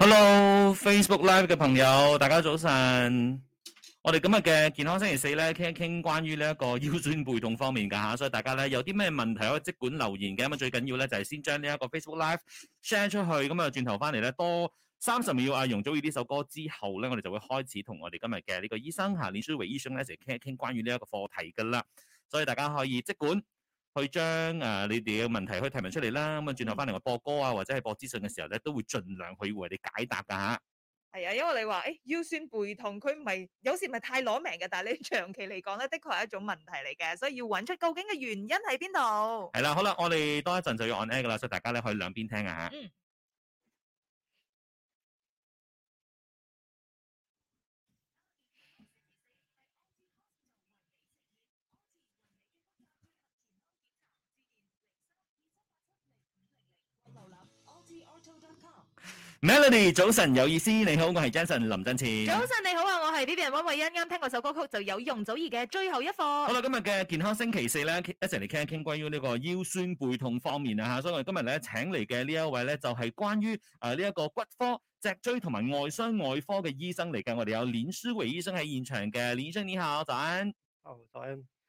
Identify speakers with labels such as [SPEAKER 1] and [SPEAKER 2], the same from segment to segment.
[SPEAKER 1] Hello Facebook Live 嘅朋友，大家早晨！我哋今日嘅健康星期四咧，傾一傾關於呢一個腰酸背痛方面嘅吓，所以大家咧有啲咩問題可以即管留言嘅，咁啊最緊要咧就係、是、先將呢一個 Facebook Live share 出去，咁啊轉頭翻嚟咧多三十秒啊，容祖兒呢首歌之後咧，我哋就會開始同我哋今日嘅呢個醫生吓，李舒偉醫生咧一齊傾一傾關於呢一個課題噶啦，所以大家可以即管。去將誒、啊、你哋嘅問題可以提問出嚟啦，咁啊轉頭翻嚟我播歌啊，或者係播資訊嘅時候咧，都會盡量去為你解答噶
[SPEAKER 2] 嚇。係啊，因為你話誒腰酸背痛，佢唔係有時唔係太攞命嘅，但係你長期嚟講咧，的確係一種問題嚟嘅，所以要揾出究竟嘅原因喺邊度。
[SPEAKER 1] 係啦，好啦，我哋多一陣就要按 A 噶啦，所以大家咧可以兩邊聽啊嚇。嗯 Melody 早晨有意思，你好，我係 Jason 林振前。早晨
[SPEAKER 2] 你好啊，我係呢 B 人溫慧欣，啱聽過首歌曲就有容祖兒嘅最後一課。好啦，
[SPEAKER 1] 今日嘅健康星期四咧，一齊嚟傾一傾關於呢個腰酸背痛方面啊吓，所以我哋今日咧請嚟嘅呢一位咧就係、是、關於誒呢一個骨科脊椎同埋外傷外科嘅醫生嚟嘅，我哋有連舒維醫生喺現場嘅，連醫生你好，早晨。好、哦，早晨。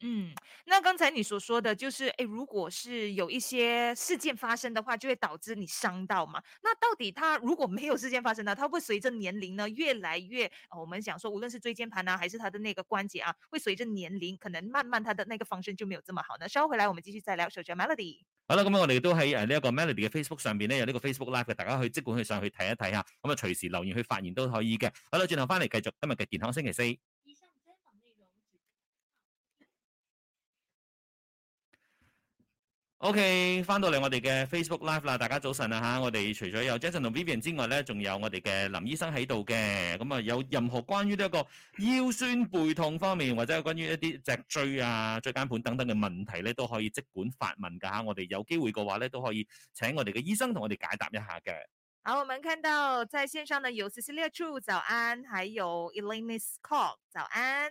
[SPEAKER 2] 嗯，那剛才你所說的就是，誒、欸，如果是有一些事件發生的話，就會導致你傷到嘛？那到底他如果沒有事件發生呢？他會隨着年齡呢，越來越，呃、我們想說，無論是椎間盤啊，還是他的那個關節啊，會隨着年齡，可能慢慢他的那個方 u 就沒有這麼好呢。那收回來，我們繼續再聊。首先，Melody，
[SPEAKER 1] 好啦，咁我哋都喺誒呢一個 Melody 嘅 Facebook 上面呢，有呢個 Facebook Live，大家去即管去上去睇一睇吓，咁啊隨時留言去發言都可以嘅。好啦，轉頭翻嚟繼續今日嘅健康星期四。O.K. 翻到嚟我哋嘅 Facebook Live 啦，大家早晨啦吓，我哋除咗有 Jason 同 Vivian 之外咧，仲有我哋嘅林醫生喺度嘅，咁、嗯、啊有任何關於呢一個腰酸背痛方面，或者係關於一啲脊椎啊、椎間盤等等嘅問題咧，都可以即管發問㗎吓，我哋有機會嘅話咧，都可以請我哋嘅醫生同我哋解答一下嘅。
[SPEAKER 2] 好，我們看到在線上的有 Cecilia Chu 早安，還有 Elena Scott 早安。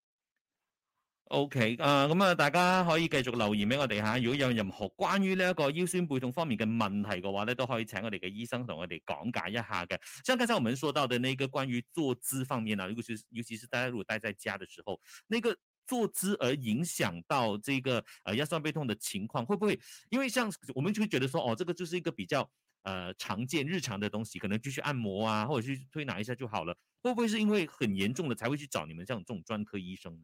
[SPEAKER 1] OK，啊，咁啊、okay, 呃嗯，大家可以繼續留言俾我哋吓。如果有，有任何關於呢個腰酸背痛方面嘅問題嘅話呢，都可以請我哋嘅醫生同我哋講解一下嘅。像剛才我們說到嘅那個關於坐姿方面啊，尤其是尤其是大家如果待在家的時候，那個坐姿而影響到這個呃腰酸背痛嘅情況，會不會因為像我們就會覺得說，哦，這個就是一個比較呃常見日常嘅東西，可能繼續按摩啊，或者去推拿一下就好了。會不會是因為很嚴重嘅，才會去找你們像這種專科醫生呢？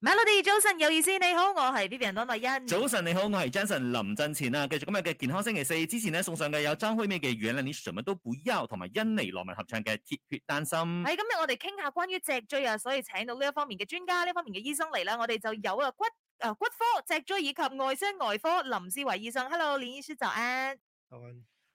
[SPEAKER 2] Melody 早晨有意思，你好，我係 Vivian 多麗欣。
[SPEAKER 1] 早晨你好，我係 Jason 林振前啊，繼續今日嘅健康星期四之前咧，送上嘅有張輝明嘅《願你什麼都無憂》同埋甄妮羅文合唱嘅《鐵血丹心》。喺
[SPEAKER 2] 今日我哋傾下關於脊椎啊，所以請到呢一方面嘅專家呢方面嘅醫生嚟啦，我哋就有骨誒、呃、骨科、脊椎以及外傷外科林志偉醫生，Hello 林醫師早安。
[SPEAKER 3] 好。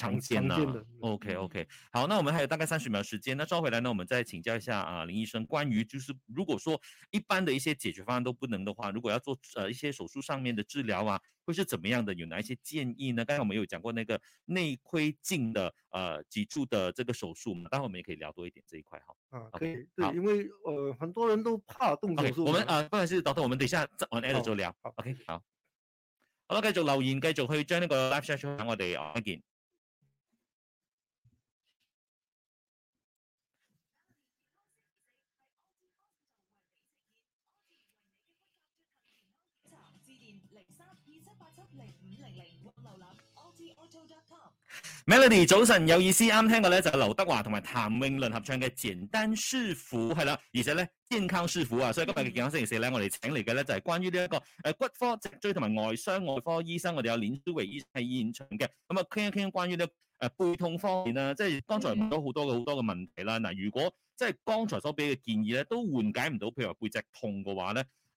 [SPEAKER 4] 常見啦
[SPEAKER 1] ，OK OK，好，那我們還有大概三十秒時間，那收回來呢，我們再請教一下啊、呃，林醫生關於就是如果說一般的一些解決方案都不能的話，如果要做呃一些手術上面的治療啊，會是怎麼樣的？有哪一些建議呢？剛才我們有講過那個內窺鏡的呃脊柱的這個手術，我們待會我們也可以聊多一點這一塊哈。好啊，可以，okay, 對，
[SPEAKER 4] 好因為呃很多人都怕動手術，okay, 我們啊，
[SPEAKER 1] 不管是導通演，我們等下按 A 度做聊，OK，好，好啦演，繼續留言，繼續去將呢個 live chat 等我哋再見。Melody，早晨有意思，啱聽嘅咧就係劉德華同埋譚詠麟合唱嘅簡單舒服，係啦，而且咧健康舒服啊，所以今日嘅健康星期四咧，我哋請嚟嘅咧就係、是、關於呢一個誒骨科脊椎同埋外傷外科醫生，我哋有連舒維醫生喺現場嘅，咁啊傾一傾關於呢誒背痛方面啦、啊，即係剛才問咗好多嘅好多嘅問題啦，嗱，如果即係剛才所俾嘅建議咧都緩解唔到，譬如話背脊痛嘅話咧。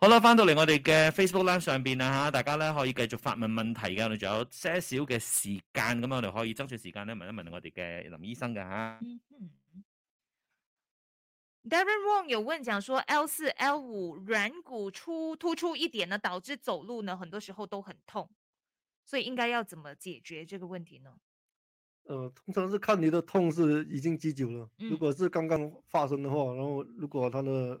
[SPEAKER 1] 好啦，翻到嚟我哋嘅 Facebook Live 上邊啊，吓，大家咧可以繼續發問問題嘅，我哋仲有些少嘅時間咁啊，我哋可以爭取時間咧，問一問我哋嘅林醫生嘅吓。嗯、
[SPEAKER 2] Darren Wong 有問講說 L 四 L 五軟骨出突出一點呢，導致走路呢，很多時候都很痛，所以應該要怎麼解決這個問題呢？誒、
[SPEAKER 4] 呃，通常是看你的痛是已經幾久了，嗯、如果是剛剛發生的話，然後如果它的。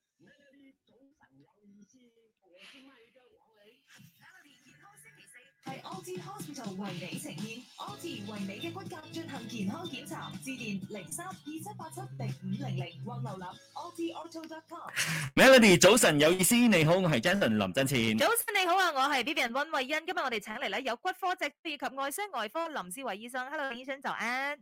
[SPEAKER 3] 早晨有意思，你好，你好，你好，係安
[SPEAKER 2] 治 Hospital 為你呈現，安治為你嘅骨骼進行健康檢查，致電零三二七八七零五零零或
[SPEAKER 1] 瀏覽安治，安治 dotcom。Melody 早晨有意思，你好，我係 Jason 林振前。
[SPEAKER 2] 早晨你好啊，我係 B B N 溫慧欣，今日我哋請嚟咧有骨科脊以及外傷外科林思偉醫生，Hello 醫生早安。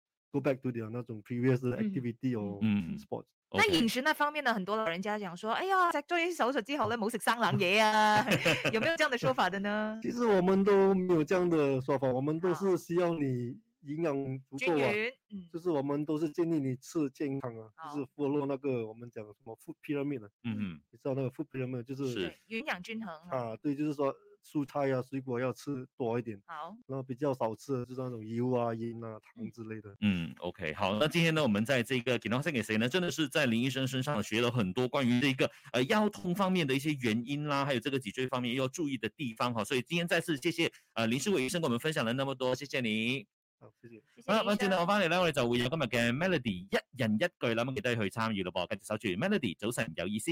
[SPEAKER 4] Go back to the 那種 previous activity 或、嗯、sports。嗯、那飲
[SPEAKER 2] 食那方面呢，很多老人家講說，Okay. 哎呀，在做一些手術之後呢，冇食生冷嘢啊， 有沒有這樣的說法的呢？
[SPEAKER 4] 其實我們都沒有這樣的說法，我們都是需要你營養足、啊、均勻，嗯、就是我們都是建議你吃健康啊，好就是 follow 那個我們講的什麼 food pyramid、啊。嗯嗯，你知道那個 food pyramid 就是，是
[SPEAKER 2] 營養均
[SPEAKER 4] 衡啊，對，就是說。蔬菜呀、啊，水果要吃多一點。好，那比較少吃的就是那種油啊、鹽啊、糖之類的。
[SPEAKER 1] 嗯，OK，好。那今天呢，我們在這個給它送給誰呢？真的是在林醫生身上學了很多關於這個呃腰痛方面的一些原因啦，還有這個脊椎方面要注意的地方哈。所以今天再次謝謝呃林世偉醫生跟我們分享了那麼多，謝謝你。好，謝謝。好，那今天我翻嚟咧，我哋就會有今日嘅 Melody 一人一句，諗住記得去參與咯噃。繼續守住 Melody，早晨有意思。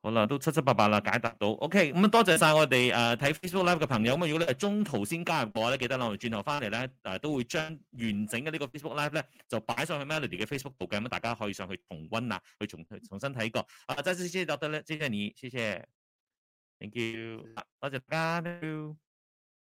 [SPEAKER 1] 好啦，都七七八八啦，解答到。OK，咁啊，多謝晒我哋誒睇，呃、Facebook Live 嘅朋友。咁如果你係中途先加入嘅咧，記得啦，我哋轉頭翻嚟咧，誒、呃、都會將完整嘅呢個 Facebook Live 咧就擺上去 Melody 嘅 Facebook 度嘅，咁大家可以上去重溫啊，去重重新睇過。啊，謝謝就得咧，謝謝你，謝謝，thank you，多謝大家。